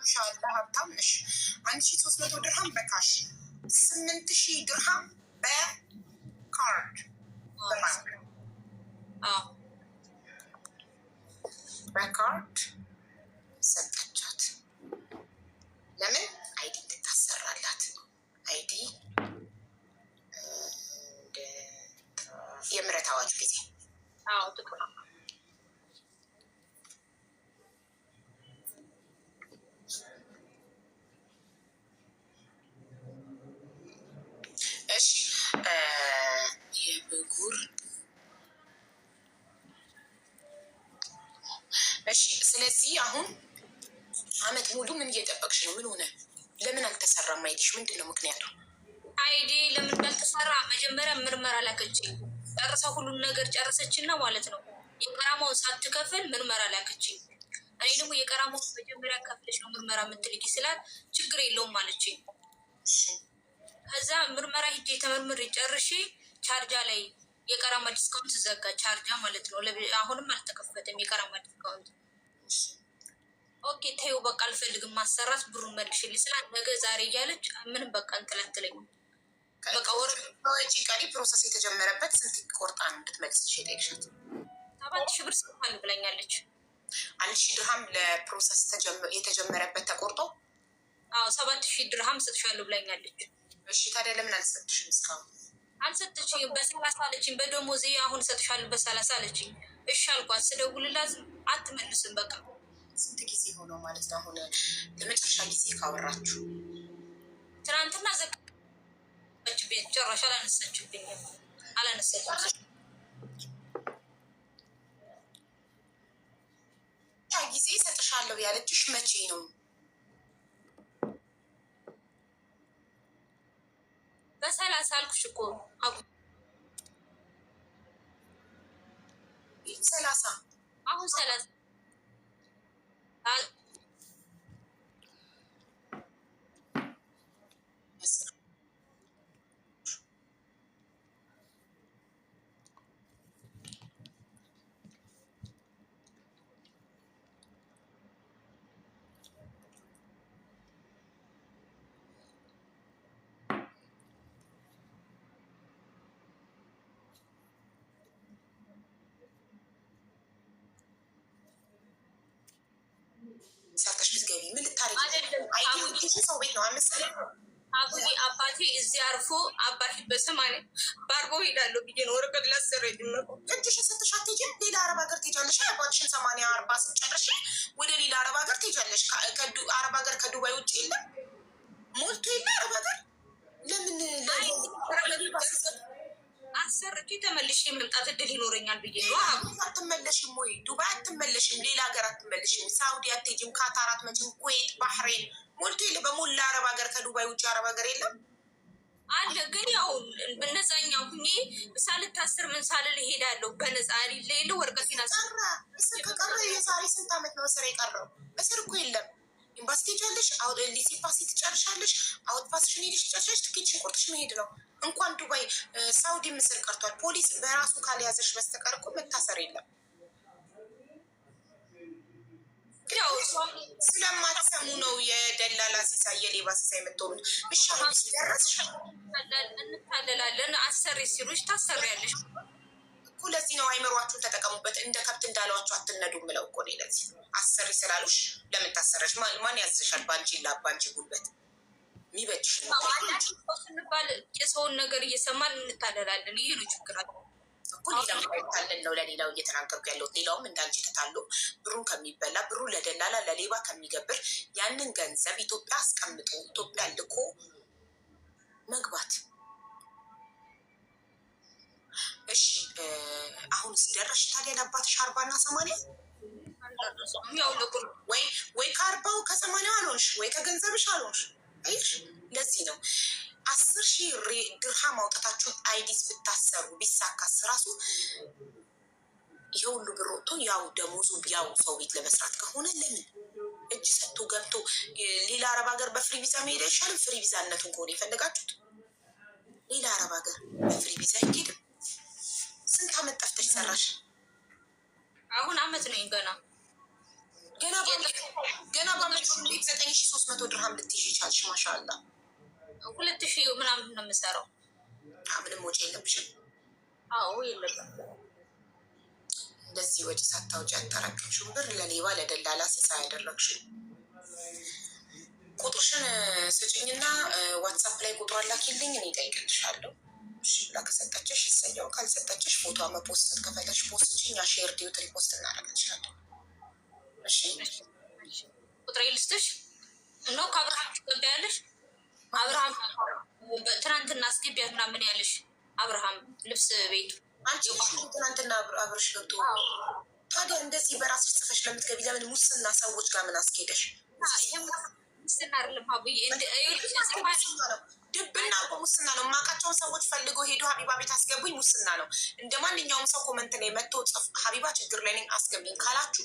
ማሻአላ ሀብታም ነሽ። አንድ ሺ ሶስት መቶ ድርሃም በካሽ ስምንት ሺ ድርሃም በካርድ በካርድ ሰጠቻት። ለምን አይዲ እንድታሰራላት አይዲ የምህረት አዋጅ ጊዜ የብጉር እሺ። ስለዚህ አሁን አመት ሙሉ ምን እየጠበቅሽ ነው? ምን ሆነ? ለምን አልተሰራም? አይዲሽ ምንድን ነው ምክንያቱ? አይዲ ለምን እንዳልተሰራ መጀመሪያ ምርመራ ላከች። ጨርሳ ሁሉን ነገር ጨረሰችና ማለት ነው የቀራማውን ሳትከፍል ምርመራ ላከች። እኔ ደግሞ የቀራማውን መጀመሪያ ከፍለች ነው ምርመራ የምትልጊ ስላት ችግር የለውም አለችኝ። ከዛ ምርመራ ሂጄ ተመርምሬ ጨርሺ ቻርጃ ላይ የቀራማ ዲስካውንት ዘጋ። ቻርጃ ማለት ነው። አሁንም አልተከፈተም የቀራማ ዲስካውንት። ኦኬ ተይው በቃ አልፈልግም ማሰራት ብሩ መልሽልኝ ስላ ነገ ዛሬ እያለች ምንም በቃ እንትን አትለኝም። በቃ ወር ቀሪ ፕሮሰስ የተጀመረበት ስንት ቆርጣ ነው እንድትመልስ ሸጠቅሸት ሰባት ሺህ ብር ስፋል ብለኛለች። አንድ ሺ ድርሃም ለፕሮሰስ የተጀመረበት ተቆርጦ ሰባት ሺ ድርሃም ሰጥሻለሁ ብለኛለች። እሺ ታዲያ ለምን አልሰጥሽም? እስካሁን አልሰጥሽኝም። በሰላሳ አለችኝ። በደሞዜ አሁን እሰጥሻለሁ በሰላሳ አለችኝ። እሺ አልኳት። ስደውልላት አትመልስም። በቃ ስንት ጊዜ ሆነው ማለት ነው? አሁን ለመጨረሻ ጊዜ ካወራችሁ ትናንትና ዘጋችብኝ። ጨራሽ አላነሳችብኝ አላነሳችብኝ። ጊዜ እሰጥሻለሁ ያለችሽ መቼ ነው? በሰላሳ አልኩሽ እኮ ሰላሳ አሁን ሰላሳ ሰው አጉዬ አባቴ እዚህ አርፎ አባቴ በሰማኒ ባርቦ ሄዳለሁ ብዬ ነው ወረቀት ላሰረ ጀመርኩ። ስትሽ አትሄጂም፣ ሌላ አረብ ሀገር ትሄጃለሽ። አባትሽን ሰማንያ አርባ ስትጨርሽ ወደ ሌላ አረብ ሀገር ትሄጃለሽ። አረብ ሀገር ከዱባይ ውጭ የለም ሞልቶ የለ አረብ ሀገር ለምን ሰርቼ ተመልሽ የመምጣት እድል ይኖረኛል ብዬ ነው። አትመለሽም ወይ ዱባይ አትመለሽም፣ ሌላ ሀገር አትመለሽም፣ ሳውዲ አትሄጂም፣ ካታር አትመጭም፣ ኩዌት፣ ባህሬን ሞልቴል በሞላ አረብ ሀገር ከዱባይ ውጭ አረብ ሀገር የለም አለ። ግን ያው በነፃኛው ሁኜ ሳልታስር ምን ሳልል እሄዳለሁ በነፃ ሌለ ወረቀቴን እስር ከቀረ የዛሬ ስንት አመት ነው እስር የቀረው? እስር እኮ የለም ኤምባሲ ትሄጃለሽ፣ ሊሴ ፓሲ ትጨርሻለሽ፣ አውት ፓስሽን ሄደሽ ትጨርሻለሽ፣ ትኬትሽን ቆርጥሽ መሄድ ነው። እንኳን ዱባይ ሳውዲ ምስር ቀርቷል። ፖሊስ በራሱ ካልያዘሽ በስተቀር እኮ መታሰር የለም። ስለማትሰሙ ነው የደላላ ሲሳ የሌባ ሲሳ የምትሆኑት። ምሻ ደረስሽ እንታለላለን። አሰሪ ሲሉሽ ታሰሪያለሽ። እኮ ለዚህ ነው አይምሯችሁን ተጠቀሙበት፣ እንደ ከብት እንዳለዋችሁ አትነዱ ምለው እኮ ነው። ለዚህ አሰሪ ስላሉሽ ለምን ታሰረች? ማን ያዝሻል? በአንቺ ላ በአንቺ ጉልበት የሚበጅሽ ስንባል የሰውን ነገር እየሰማን እንታደላለን። ይህ ነው ችግራል እኮ ታለን ነው ለሌላው እየተናገርኩ ያለው። ሌላውም እንዳንቺ ተታሎ ብሩን ከሚበላ ብሩ ለደላላ ለሌባ ከሚገብር ያንን ገንዘብ ኢትዮጵያ አስቀምጦ ኢትዮጵያ ልኮ መግባት ዮርዳኖስ ደረሽ። ታዲያ ለአባትሽ አርባና ሰማንያ ያው ወይ ወይ ከአርባው ከሰማንያው አልሆንሽ ወይ ከገንዘብሽ አልሆንሽ። አይሽ ለዚህ ነው አስር ሺህ ድርሃ ማውጣታችሁን አይዲስ ብታሰሩ ቢሳካስ ራሱ ይሄ ሁሉ ብር ወጥቶ ያው ደሞዙ ያው ሰው ቤት ለመስራት ከሆነ ለምን እጅ ሰጥቶ ገብቶ ሌላ አረብ ሀገር በፍሪ ቪዛ መሄድ አይሻልም? ፍሪ ቪዛነቱን ከሆነ የፈለጋችሁት ሌላ አረብ ሀገር በፍሪ ቪዛ አይሄድም። ስንት አመት ጠፍተሽ ሰራሽ? አሁን አመት ነኝ ገና ገና ገና በአመት ዘጠኝ ሺ ሶስት መቶ ድርሃም ልትይሽ ይቻልሽ። ማሻላ ሁለት ሺ ምናምን ነው የምሰራው። ምንም ወጪ የለብሽም? አዎ የለብም። እንደዚህ ወጪ ሳታውጪ ያጠራቀምሽውን ብር ለሌባ ለደላላ ስሳ ያደረግሽው ቁጥርሽን ስጭኝና ዋትሳፕ ላይ ቁጥር አላኪልኝ፣ እኔ እጠይቅልሻለሁ። እሺ ብላ ከሰጠችሽ ይሰየው፣ ካልሰጠችሽ ፎቶ መፖስት ከፈለግሽ ፖስት እኛ ሼር ዲዩት ሪፖስት እናደርግ እንችላለን። እሺ ቁጥሬ ልስጥሽ ነው ከአብርሃም ገባያለሽ። አብርሃም ትናንትና አስገቢያት ምናምን ያለሽ አብርሃም ልብስ ቤቱ ትናንትና አብርሽ ገብቶ ታዲያ እንደዚህ በራስሽ ጽፈሽ ለምትገቢ ለምን ሙስና ሰዎች ጋር ምን አስኬደሽ? ሙስና አይደለም ድብና እኮ ሙስና ነው። ማቃቸውን ሰዎች ፈልገው ሄዶ ሀቢባ ቤት አስገቡኝ ሙስና ነው። እንደ ማንኛውም ሰው ኮመንት ላይ መጥቶ ጽፍ ሀቢባ ችግር ላይ ነኝ አስገብኝ ካላችሁ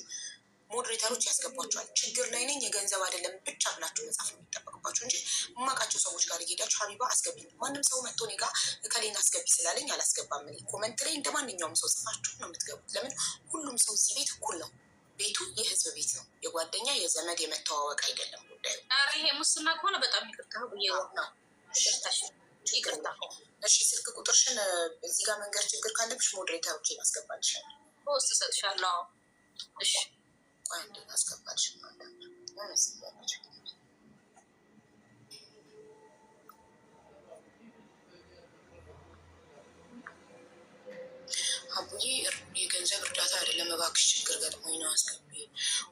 ሞዴሬተሮች ያስገቧቸዋል። ችግር ላይ ነኝ የገንዘብ አይደለም ብቻ ብላችሁ መጻፍ ነው የሚጠበቅባችሁ እንጂ ማቃቸው ሰዎች ጋር ሄዳችሁ ሀቢባ አስገብኝ፣ ማንም ሰው መጥቶ እኔ ጋር አስገቢ ስላለኝ አላስገባም። እኔ ኮመንት ላይ እንደ ማንኛውም ሰው ጽፋችሁ ነው የምትገቡት። ለምን ሁሉም ሰው እዚህ ቤት እኩል ነው። ቤቱ የህዝብ ቤት ነው። የጓደኛ የዘመድ የመተዋወቅ አይደለም ጉዳዩ። ይሄ ሙስና ከሆነ በጣም ይቅርታ ነው ይቅርታ። እሺ፣ ስልክ ቁጥርሽን እዚህ ጋር መንገድ ችግር ካለብሽ ሞዴሬተሮች ያስገባልሻል። በውስጥ እሰጥሻለሁ። እሺ፣ ያስገባልሽ አቡዬ የገንዘብ እርዳታ አይደለም እባክሽ፣ ችግር ገጥሞኝ ነው አስገቢ።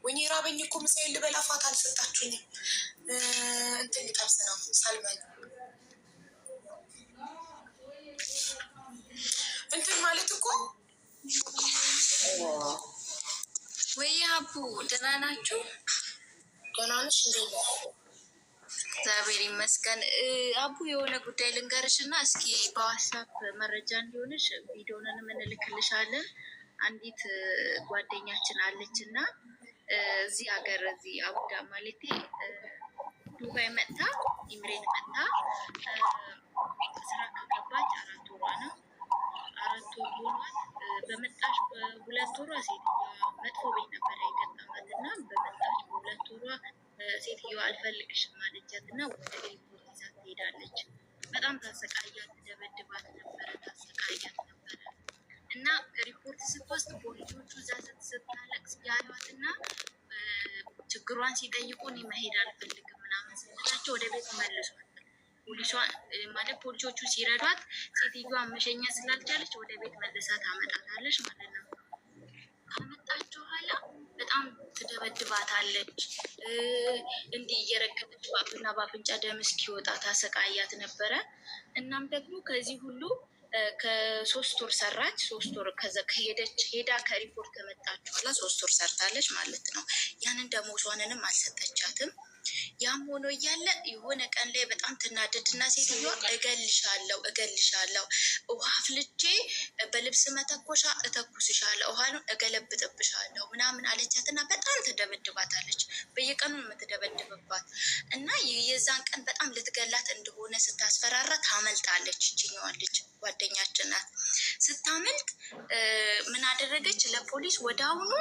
ወይኔ ራበኝ እኮ ምሳዬን ልበላ ፋታ አልሰጣችሁኝም። እንትን ልጠብስ ነው ሳልመን ወይ አቡ ደህና ናችሁ? ደህና ነሽ? እግዚአብሔር ይመስገን። አቡ የሆነ ጉዳይ ልንገርሽ እና እስኪ በዋትሳፕ መረጃ እንዲሆንሽ ቪዲዮንን እንልክልሻለን። አንዲት ጓደኛችን አለች እና እዚህ ሀገር እዚህ አቡዳ ማለቴ ዱባይ መጥታ ኢምሬት መጥታ ስራ ከገባች አራት ወሯ ነው። አራት ወር ሆኗል። በመጣሽ በሁለት ወሯ ሴትዮዋ መጥፎ ቤት ነበረ የገጠማት እና በመጣሽ በሁለት ወሯ ሴትዮዋ አልፈልግሽም ማለቻት እና ወደ ኤርፖርት ይዛት ትሄዳለች። በጣም ታሰቃያት፣ ደበድባት ነበረ፣ ታሰቃያት ነበረ እና ሪፖርት ስትወስድ ፖሊሶቹ እዛ ስታለቅስ ያሏት እና ችግሯን ሲጠይቁ እኔ መሄድ አልፈልግም ምናምን ስትላቸው ወደ ቤት መልሷል። ማለት ፖሊሶቹ ሲረዷት ሴትዮዋን መሸኘት ስላልቻለች ወደ ቤት መለሳ አመጣታለች ማለት ነው። ካመጣች በኋላ በጣም ትደበድባታለች። እንዲህ እየረገጠች በአፍና በአፍንጫ ደም እስኪወጣ ታሰቃያት ነበረ። እናም ደግሞ ከዚህ ሁሉ ከሶስት ወር ሰራች። ሶስት ወር ከሄደች ሄዳ ከሪፖርት ከመጣች በኋላ ሶስት ወር ሰርታለች ማለት ነው። ያንን ደሞዟንንም አልሰጠቻትም። ያም ሆኖ እያለ የሆነ ቀን ላይ በጣም ትናደድና ሴትዮዋ እገልሻለሁ እገልሻለሁ ውሃ አፍልቼ በልብስ መተኮሻ እተኩስሻለሁ ውሃኑን እገለብጥብሻለሁ ምናምን አለቻትና በጣም ትደበድባታለች። በየቀኑ የምትደበድብባት እና የዛን ቀን በጣም ልትገላት እንደሆነ ስታስፈራራ ታመልጣለች። ይችኛዋን ልጅ ጓደኛችን ናት። ስታመልጥ ምን አደረገች? ለፖሊስ ወደ አሁኑ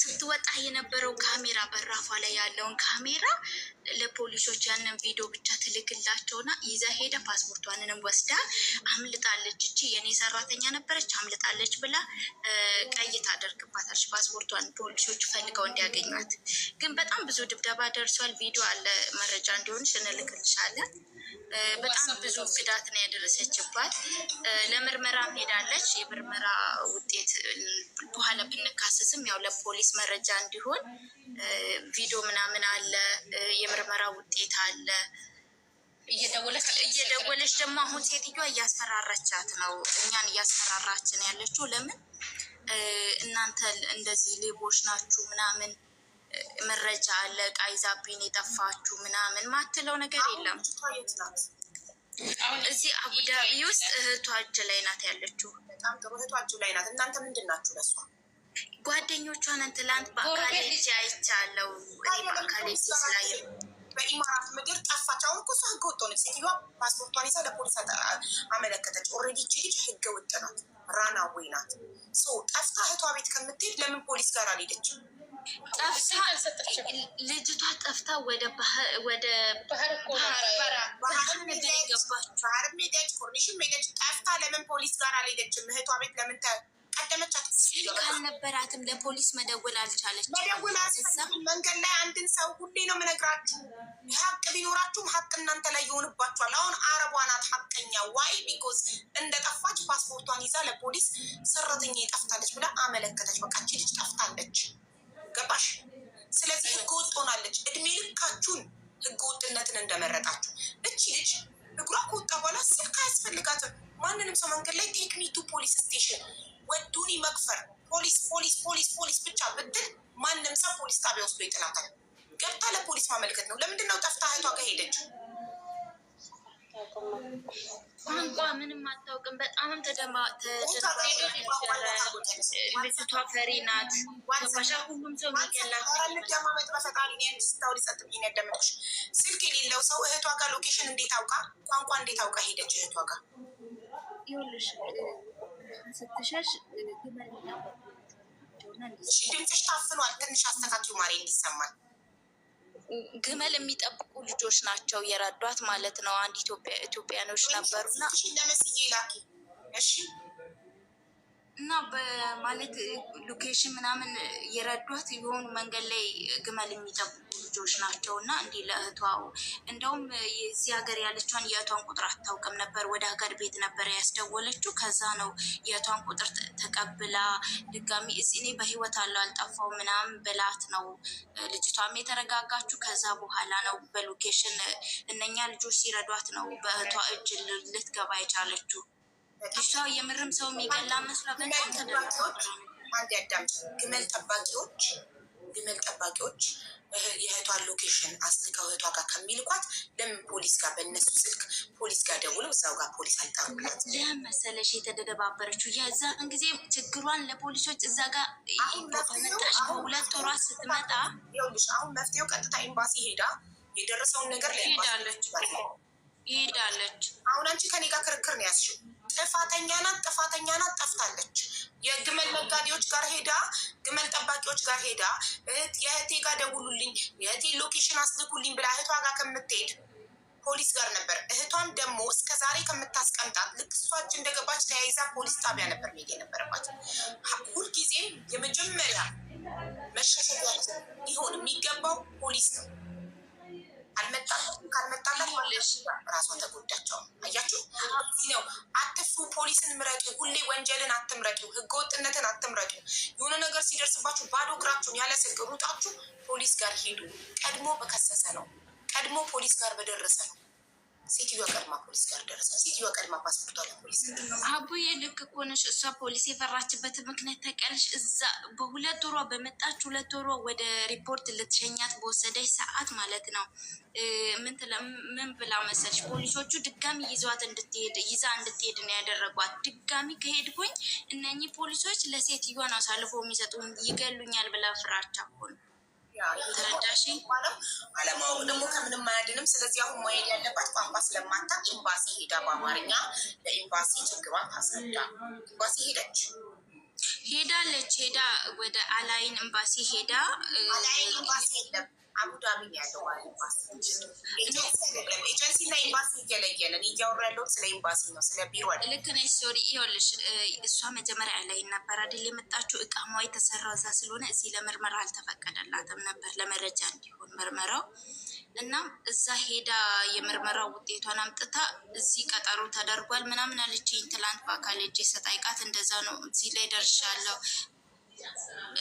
ስትወጣ የነበረው ካሜራ በራፏ ላይ ያለውን ካሜራ ለፖሊሶች ያንን ቪዲዮ ብቻ ትልክላቸውና ይዛ ሄደ። ፓስፖርቷንንም ወስዳ አምልጣለች። እቺ የኔ ሰራተኛ ነበረች አምልጣለች ብላ ቀይ ታደርግባታለች። ፓስፖርቷን ፖሊሶች ፈልገው እንዲያገኟት። ግን በጣም ብዙ ድብደባ ደርሷል። ቪዲዮ አለ መረጃ እንዲሆን እንልክልሻለን። በጣም ብዙ ጉዳት ነው ያደረሰችባት። ለምርመራ ሄዳለች። የምርመራ ውጤት በኋላ ብንካሰስም ያው ለፖሊስ መረጃ እንዲሆን ቪዲዮ ምናምን አለ የምርመራ ውጤት አለ። እየደወለች ደግሞ አሁን ሴትዮዋ እያስፈራራቻት ነው፣ እኛን እያስፈራራችን ያለችው ለምን እናንተ እንደዚህ ሌቦች ናችሁ ምናምን መረጃ አለ ዕቃ ይዛብኝ የጠፋችሁ ምናምን ማትለው ነገር የለም። እዚህ አቡዳቢ ውስጥ እህቷ እጅ ላይ ናት ያለችው። በጣም እጅ ላይ ናት። እናንተ ምንድን ናችሁ? ለሷ ጓደኞቿን አይቻለው በአካሌ ስላየ በኢማራት ምድር ጠፋች። አሁን እኮ እሷ ህገ ወጥ ሆነች። ሴትዮዋ ፓስፖርቷን ይዛ ለፖሊስ አመለከተች። ኦልሬዲ ይቺ ልጅ ህገ ወጥ ናት፣ ራናዌይ ናት። ጠፍታ እህቷ ቤት ከምትሄድ ለምን ፖሊስ ጋር አልሄደችም? ልጅቷ ጠፍታ ወደ ወደ ባህር ሄደች፣ ኮርኒሽን ሄደች። ጠፍታ ለምን ፖሊስ ጋር አልሄደችም? እህቷ ቤት ለምን አዳመጫት አልነበራትም። ለፖሊስ መደወል አልቻለች። መደወል መንገድ ላይ አንድን ሰው ሁሌ ነው የምነግራችሁ። ሀቅ ቢኖራችሁም ሀቅ እናንተ ላይ ይሆንባችኋል። አሁን አረቧ ናት ሀቀኛ። ዋይ ቢኮዝ እንደጠፋች ፓስፖርቷን ይዛ ለፖሊስ ሰራተኛ ጠፍታለች ብላ አመለከተች። በቃ እቺ ልጅ ጠፍታለች። ገባሽ? ስለዚህ ህገወጥ ሆናለች። እድሜ ልካችሁን ህገወጥነትን እንደመረጣችሁ። እቺ ልጅ እግሯ ከወጣ በኋላ ስልክ አያስፈልጋትም። ማንንም ሰው መንገድ ላይ ቴክኒቱ ፖሊስ ስቴሽን ወዱኒ መክፈር ፖሊስ ፖሊስ ፖሊስ ፖሊስ ብቻ ብትል ማንም ሰው ፖሊስ ጣቢያ ወስዶ ይጥላታል። ገብታ ለፖሊስ ማመልከት ነው። ለምንድን ነው ጠፍታ እህቷ ጋር ሄደችው? ቋንቋ ምንም አታውቅም። በጣም ተደማልጅቷ ፈሪ ናት። ባሻ ሁሉም ሰው ሚገላልደማመጥ በፈጣሪ ስታውሪ ጸጥብኝ ያደምጦች ስልክ የሌለው ሰው እህቷ ጋር ሎኬሽን እንዴት አውቃ ቋንቋ እንዴት አውቃ ሄደች እህቷ ጋር ይኸውልሽ ስትሸሽ ድምፅሽ ታፍኗል። ትንሽ አስተካክዩ እንዲሰማል። ግመል የሚጠብቁ ልጆች ናቸው የረዷት ማለት ነው። አንድ ኢትዮጵያኖች ነበሩና ለመስዬ ላኪ እሺ። እና በማለት ሎኬሽን ምናምን የረዷት የሆኑ መንገድ ላይ ግመል የሚጠብቁ ልጆች ናቸው እና እንዲህ ለእህቷ እንደውም የዚህ ሀገር ያለችን የእህቷን ቁጥር አታውቅም ነበር። ወደ ሀገር ቤት ነበር ያስደወለችው። ከዛ ነው የእህቷን ቁጥር ተቀብላ ድጋሚ እኔ በህይወት አለው አልጠፋው ምናምን ብላት ነው ልጅቷም የተረጋጋችሁ። ከዛ በኋላ ነው በሎኬሽን እነኛ ልጆች ሲረዷት ነው በእህቷ እጅ ልትገባ የቻለችው። ልጅቷ የምርም ሰው የሚገላ መስሏ በጣም ተደረሰ። ግመል ጠባቂዎች ግመል ጠባቂዎች የእህቷን ሎኬሽን አስልከው እህቷ ጋር ከሚልኳት ለምን ፖሊስ ጋር በእነሱ ስልክ ፖሊስ ጋር ደውለው እዛው ጋር ፖሊስ አልጠሩላት? ለመሰለሽ መሰለሽ የተደባበረችው? የዛን ጊዜ ችግሯን ለፖሊሶች እዛ ጋር በሁለት ወሯ ስትመጣ ይኸውልሽ፣ አሁን መፍትሄው ቀጥታ ኤምባሲ ሄዳ የደረሰውን ነገር ለኤምባሲ ይሄዳለች። አሁን አንቺ ከኔ ጋር ክርክር ነው ያስሽው። ጥፋተኛ ናት፣ ጥፋተኛ ናት፣ ጠፍታለች የግመል ነጋዴዎች ጋር ሄዳ ግመል ጠባቂዎች ጋር ሄዳ እህት የእህቴ ጋር ደውሉልኝ፣ የእህቴ ሎኬሽን አስልኩልኝ ብላ እህቷ ጋር ከምትሄድ ፖሊስ ጋር ነበር። እህቷን ደግሞ እስከ ዛሬ ከምታስቀምጣት ልክ እሷች እንደገባች ተያይዛ ፖሊስ ጣቢያ ነበር መሄድ የነበረባት። ሁልጊዜም የመጀመሪያ መሸሸጓት ሊሆን የሚገባው ፖሊስ ነው። አልመጣለሽ ራሷ ተጎዳቸው። አያችሁ ነው። አትፍሩ። ፖሊስን ምረጡ። ሁሌ ወንጀልን አትምረጡ። ህገወጥነትን አትምረጡ። የሆነ ነገር ሲደርስባችሁ ባዶ እግራችሁን ያለ ስልክ ሩጣችሁ ፖሊስ ጋር ሄዱ። ቀድሞ በከሰሰ ነው፣ ቀድሞ ፖሊስ ጋር በደረሰ ነው ሴትዮዋ ቀድማ ፖሊስ ጋር ደረሰ። ሴትዮዋ ቀድማ ፓስፖርቷ ለፖሊስ አቡዬ፣ ልክ እኮ ነሽ። እሷ ፖሊስ የፈራችበት ምክንያት ታውቂያለሽ? እዛ በሁለት ወሯ በመጣች ሁለት ወሯ ወደ ሪፖርት ልትሸኛት በወሰደች ሰዓት ማለት ነው። ምን ብላ መሰለሽ? ፖሊሶቹ ድጋሚ ይዟት እንድትሄድ ይዛ እንድትሄድ ነው ያደረጓት። ድጋሚ ከሄድኩኝ እነኚህ ፖሊሶች ለሴትዮዋን አሳልፎ የሚሰጡን ይገሉኛል ብላ ፍራቻ ሆነ ተረዳሽ? አለማወቅ ደግሞ ከምንም አያድንም። ስለዚህ አሁን መሄድ ያለባት ቋንቋ ስለማታውቅ ኤምባሲ ሄዳ በአማርኛ ለኤምባሲ ችግሯን ታስረዳ። ኤምባሲ ሄደች ሄዳለች ሄዳ ወደ አላይን ኤምባሲ ሄዳ አላይን ኤምባሲ የለም አቡዳቢ ነው ያለው ኤምባሲ ኤጀንሲ እና ኤምባሲ እየለየንን እያወራ ያለሁት ስለ ኤምባሲ ነው፣ ስለ ቢሮ ልክ ነሽ። ሶሪ ይኸውልሽ፣ እሷ መጀመሪያ ላይ ነበር አይደል የመጣችው። እቃማ የተሰራው እዛ ስለሆነ እዚህ ለምርመራ አልተፈቀደላትም ነበር፣ ለመረጃ እንዲሆን ምርመራው እና እዛ ሄዳ የምርመራ ውጤቷን አምጥታ እዚህ ቀጠሮ ተደርጓል ምናምን አለችኝ። ትላንት በአካል እጅ ሰጣይቃት እንደዛ ነው እዚህ ላይ ደርሻለሁ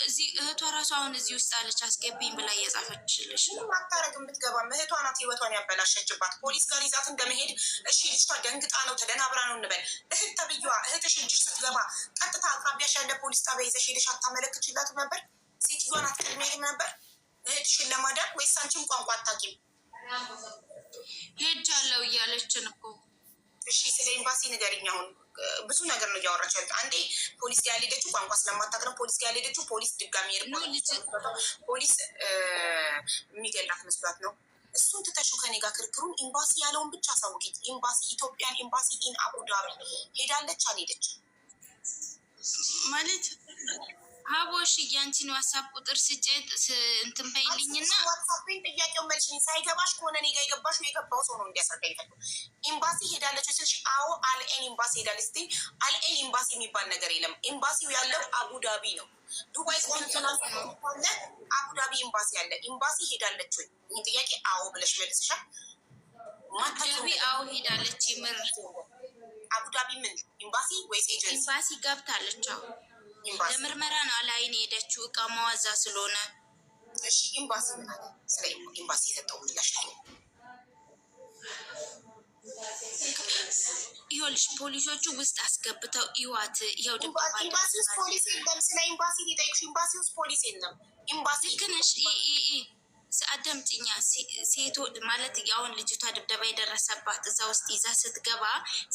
እዚህ እህቷ ራሱ አሁን እዚህ ውስጥ አለች አስገብኝ ብላ እየጻፈችልሽ አታረግም። ብትገባም እህቷ ናት ህይወቷን ያበላሸችባት። ፖሊስ ጋር ይዛት እንደመሄድ እሺ፣ ልጅቷ ደንግጣ ነው ተደናብራ ነው እንበል። እህት ተብዬዋ እህትሽ እጅሽ ስትገባ ቀጥታ አቅራቢያሽ ያለ ፖሊስ ጣቢያ ይዘሽ ሄደሽ አታመለክችላትም ነበር? ሴትዮዋን አትቀድሚያትም ነበር እህትሽን ለማዳን ወይስ አንቺም ቋንቋ አታውቂም? ሄጃለሁ እያለችን እኮ እሺ፣ ስለ ኤምባሲ ንገሪኝ አሁን ብዙ ነገር ነው እያወራች ያሉት። አንዴ ፖሊስ ጋር ያልሄደችው ቋንቋ ስለማታውቅ ነው። ፖሊስ ጋር ያልሄደችው ፖሊስ ድጋሚ ሄድ ፖሊስ የሚገላት መስሏት ነው። እሱን ትተሹ ከኔ ጋር ክርክሩ ኤምባሲ ያለውን ብቻ አሳውቂኝ። ኤምባሲ ኢትዮጵያን ኤምባሲ ኢን አቡዳቢ ሄዳለች አልሄደችም ማለት አቦሽ እያንቺን ዋትሳፕ ቁጥር ስጭ እንትን በይልኝና ዋትሳፕን ጥያቄው መልሽ ሳይገባሽ ከሆነ እኔ ጋ የገባሽ የገባው ሰው ነው እንዲያስረዳኝ ፈል ኤምባሲ ሄዳለች ስልሽ፣ አዎ አልኤን ኤምባሲ ሄዳለች ስትይ፣ አልኤን ኤምባሲ የሚባል ነገር የለም። ኤምባሲው ያለው አቡዳቢ ነው። ዱባይ ቆንስላ አቡዳቢ ኤምባሲ አለ። ኤምባሲ ሄዳለች ወይ ይህ ጥያቄ? አዎ ብለሽ መልስሻል። ማታቢ አዎ ሄዳለች። ምር አቡዳቢ ምን ኤምባሲ ወይስ ኤጀንሲ? ኤምባሲ ገብታለች። አዎ ለምርመራ ነው አላይን የሄደችው እቃ መዋዛ ስለሆነ እሺ ኢምባሲ ስለ ኢምባሲ የሰጠው ምላሽ ነው። ይኸውልሽ ፖሊሶቹ ውስጥ አስገብተው ይዋት። ይኸው ኢምባሲ ፖሊስ የለም። ስለ ኢምባሲ ሊጠይቅሽ ኢምባሲ ውስጥ ፖሊስ የለም። ኢምባሲ ልክ አዳምጪኛ ሴቶ ማለት ያውን ልጅቷ ድብደባ የደረሰባት እዛ ውስጥ ይዛ ስትገባ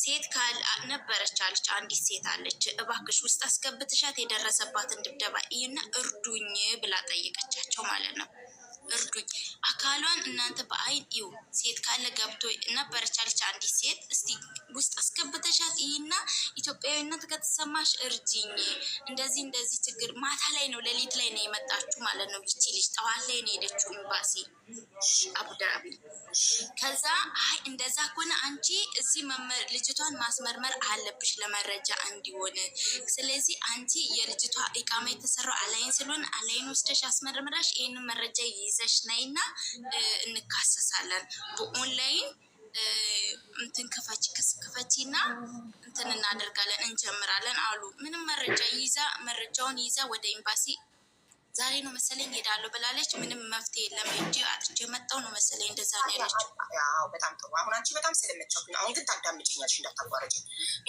ሴት ካል ነበረች አለች። አንዲት ሴት አለች፣ እባክሽ ውስጥ አስገብትሻት የደረሰባትን ድብደባ እዩና እርዱኝ ብላ ጠየቀቻቸው ማለት ነው። እርዱኝ። አካሏን እናንተ በአይን እዩ። ሴት ካለ ገብቶ ነበረች አለች አንዲት ሴት። እስቲ ውስጥ አስገብተሻት ይህና ኢትዮጵያዊነት ከተሰማሽ እርጅኝ። እንደዚህ እንደዚህ ችግር ማታ ላይ ነው ሌሊት ላይ ነው የመጣችሁ ማለት ነው። ይቺ ልጅ ጠዋት ላይ ነው የሄደችው ኤምባሲ አቡዳቢ። ከዛ አይ እንደዛ ከሆነ አንቺ እዚህ ልጅቷን ማስመርመር አለብሽ ለመረጃ እንዲሆን። ስለዚህ አንቺ የልጅቷ ኢቃማ የተሰራው አላይን ስለሆነ አላይን ወስደሽ አስመርምራሽ ይህንን መረጃ ይዘ ይዘሽ ነይና እንካሰሳለን። በኦንላይን እንትን ክፈች ክስ ክፈቺና እንትን እናደርጋለን እንጀምራለን አሉ። ምንም መረጃ ይዛ መረጃውን ይዛ ወደ ኤምባሲ ዛሬ ነው መሰለኝ ሄዳለሁ ብላለች። ምንም መፍትሄ የለም እንጂ አጥቼ መጣሁ ነው መሰለኝ እንደዛ ነው ያለችው። በጣም ጥሩ። አሁን አንቺ በጣም ስለመቸኩኝ፣ አሁን ግን ታዳምጭኛለሽ እንዳታቋረጭ።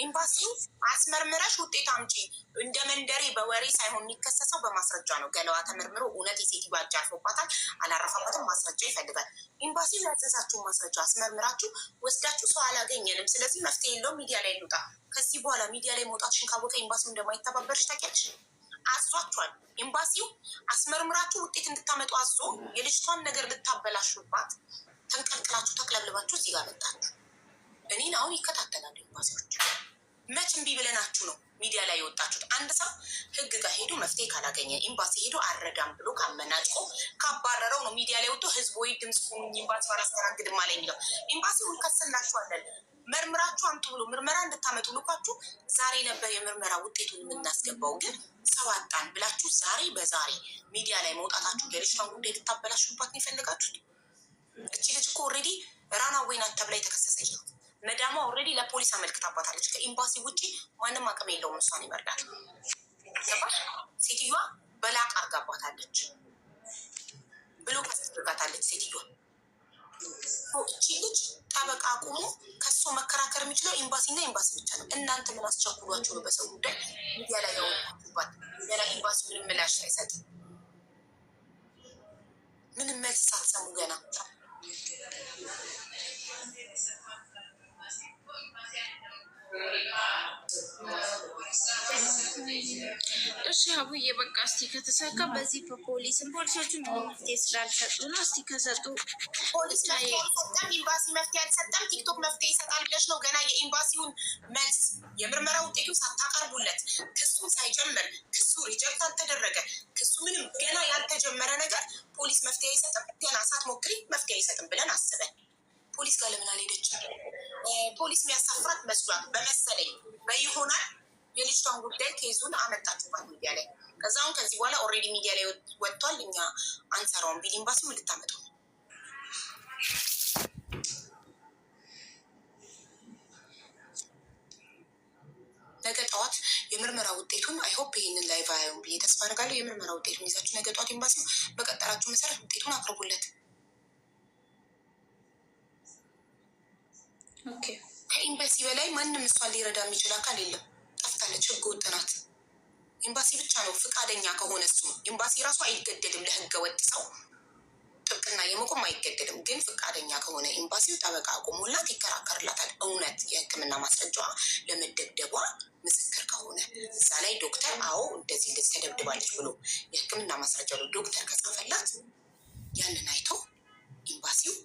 ኤምባሲው አስመርምረሽ ውጤት አምጪ። እንደ መንደሬ በወሬ ሳይሆን የሚከሰሰው በማስረጃ ነው። ገለዋ ተመርምሮ እውነት የሴት ባጃ አልፎባታል አላረፈባትም ማስረጃ ይፈልጋል። ኤምባሲ ያዘዛችሁ ማስረጃ አስመርምራችሁ ወስዳችሁ ሰው አላገኘንም፣ ስለዚህ መፍትሄ የለውም፣ ሚዲያ ላይ ልውጣ። ከዚህ በኋላ ሚዲያ ላይ መውጣትሽን ካወቀ ኤምባሲው እንደማይተባበርሽ ታውቂያለሽ። አዟቸዋል። ኤምባሲው አስመርምራችሁ ውጤት እንድታመጡ አዞ የልጅቷን ነገር ልታበላሹባት ተንቀልቅላችሁ ተቅለብልባችሁ እዚህ ጋር መጣችሁ። እኔን አሁን ይከታተላሉ ኤምባሲዎች። መች እምቢ ብለናችሁ ነው ሚዲያ ላይ የወጣችሁት? አንድ ሰው ህግ ጋር ሄዶ መፍትሄ ካላገኘ ኤምባሲ ሄዶ አረዳም ብሎ ካመናጭቆ ካባረረው ነው ሚዲያ ላይ ወጥቶ ህዝብ ወይ ድምፅ ኤምባሲ አላስተናግድም አለ የሚለው። ኤምባሲ እንከስላችኋለን መርምራችሁ አምጡ ብሎ ምርመራ እንድታመጡ ልኳችሁ ዛሬ ነበር የምርመራ ውጤቱን የምናስገባው፣ ግን ሰው አጣን ብላችሁ ዛሬ በዛሬ ሚዲያ ላይ መውጣታችሁ የልጅቷን ጉዳይ ልታበላሹባት ነው የፈለጋችሁት። እቺ ልጅ እኮ ኦልሬዲ ራና ወይናት ተብላ የተከሰሰች ነው። መዳሟ ኦልሬዲ ለፖሊስ አመልክታባታለች። ከኤምባሲ ውጭ ማንም አቅም የለውም እሷን ይመርዳል። ገባሽ? ሴትዮዋ በላቅ አርጋባታለች ብሎ ከስትርጋታለች። ሴትዮዋ እቺ ልጅ ጠበቃ አቁሞ ከሶ መከራከር የሚችለው ኤምባሲና ኤምባሲ ብቻ ነው። እናንተ ምን አስቸኩሏቸው ነው? በሰው ጉዳይ ሚዲያ ላይ ያወቁባት ገና ኤምባሲ ምንም ምላሽ አይሰጥም። ምንም መልስ ሳትሰሙ ገና እሺ አቡዬ በቃ እስቲ ከተሳካ በዚህ በፖሊስም ፖሊሶቹን መፍትሄ ስላልሰጡ ነው። እስቲ ከሰጡ ፖሊስ ሰጠም ኤምባሲ መፍትሄ አልሰጠም። ቲክቶክ መፍትሄ ይሰጣል ብለሽ ነው ገና የኤምባሲውን መልስ የምርመራ ውጤቱ ሳታቀርቡለት ክሱን ሳይጀምር ክሱ ሪጀክት አልተደረገ ክሱ ምንም ገና ያልተጀመረ ነገር ፖሊስ መፍትሄ አይሰጥም። ገና ሳትሞክሪ መፍትሄ አይሰጥም ብለን አስበን ፖሊስ ጋር ለምን አልሄደችም? ፖሊስ የሚያሳፍራት መስሏት በመሰለኝ በይሆናል የልጅቷን ጉዳይ ኬዙን አመጣችሁባት ሚዲያ ላይ። ከዛሁን ከዚህ በኋላ ኦልሬዲ ሚዲያ ላይ ወጥቷል። እኛ አንሰራውን ቢሊምባስ ልታመጡ ነገ ጠዋት የምርመራ ውጤቱን አይሆፕ ይህንን ላይ ቫያዩ ብዬ ተስፋ አደርጋለሁ። የምርመራ ውጤቱን ይዛችሁ ነገ ጠዋት ኤምባሲው በቀጠራችሁ መሰረት ውጤቱን አቅርቡለት። ከኤምባሲ በላይ ማንም እሷን ሊረዳ የሚችል አካል የለም። ጠፍታለች፣ ህገ ወጥ ናት። ኤምባሲ ብቻ ነው ፈቃደኛ ከሆነ እሱ ኤምባሲ ራሱ አይገደድም። ለህገ ወጥ ሰው ጥብቅና የመቆም አይገደድም። ግን ፍቃደኛ ከሆነ ኤምባሲው ጠበቃ አቁሞላት ይከራከርላታል። እውነት የህክምና ማስረጃዋ ለመደብደቧ ምስክር ከሆነ እዛ ላይ ዶክተር አዎ እንደዚህ እንደዚህ ተደብድባለች ብሎ የህክምና ማስረጃ ዶክተር ከጻፈላት ያንን አይቶ ኤምባሲው